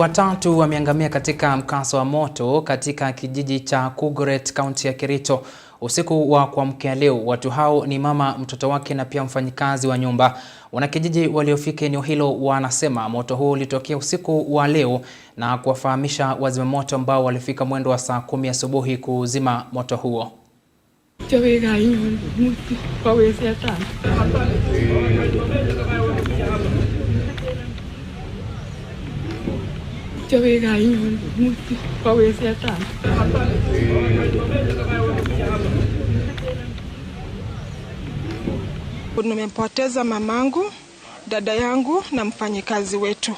Watatu wameangamia katika mkasa wa moto katika kijiji cha Kugoret, kaunti ya Kericho usiku wa kuamkia leo. Watu hao ni mama, mtoto wake na pia mfanyikazi wa nyumba. Wanakijiji waliofika eneo hilo wanasema moto huo ulitokea usiku wa leo na kuwafahamisha wazimamoto ambao walifika mwendo wa saa kumi asubuhi kuzima moto huo. choweka hiyo Nimempoteza mamangu, dada yangu na mfanyikazi wetu,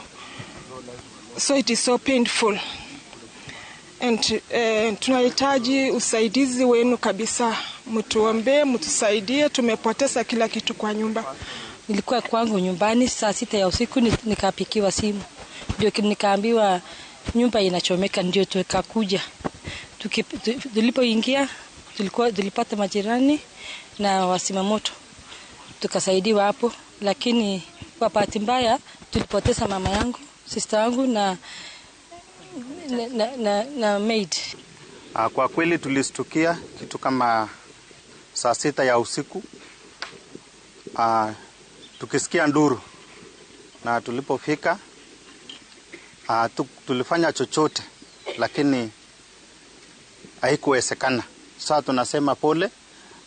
so it is so painful and uh, tunahitaji usaidizi wenu kabisa, mtuombee, mtusaidie. Tumepoteza kila kitu kwa nyumba. Nilikuwa kwangu nyumbani saa sita ya usiku nikapikiwa simu ndio nikaambiwa nyumba inachomeka, ndio tukakuja. Tulipoingia tulikuwa tulipata majirani na wasimamoto, tukasaidiwa hapo, lakini kwa bahati mbaya tulipoteza mama yangu, sista yangu na, na, na, na, na maid. Ah, kwa kweli tulistukia kitu kama saa sita ya usiku uh, tukisikia nduru na tulipofika uh, tulifanya chochote lakini haikuwezekana. Sasa tunasema pole,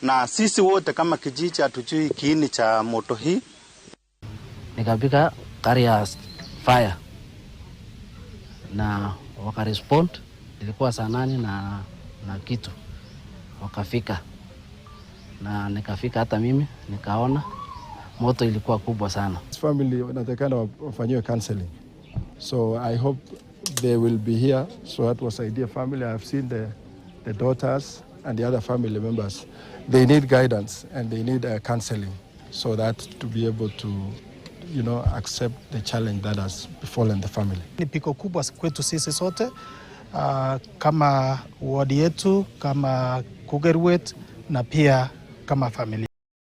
na sisi wote kama kijiji hatujui kiini cha moto hii. Nikapika gari ya fire na wakarespond, ilikuwa saa nane na, na kitu wakafika, na nikafika hata mimi nikaona moto ilikuwa kubwa sana. Family wanatakana wafanyiwe counseling So I hope they will be here so that was idea family. I have seen the, the daughters and the other family members. They need guidance and they need uh, counseling so that to be able to you know, accept the challenge that has befallen the family. Ni piko kubwa kwetu sisi sote uh, kama wadi yetu kama Kugerwet na pia kama familia.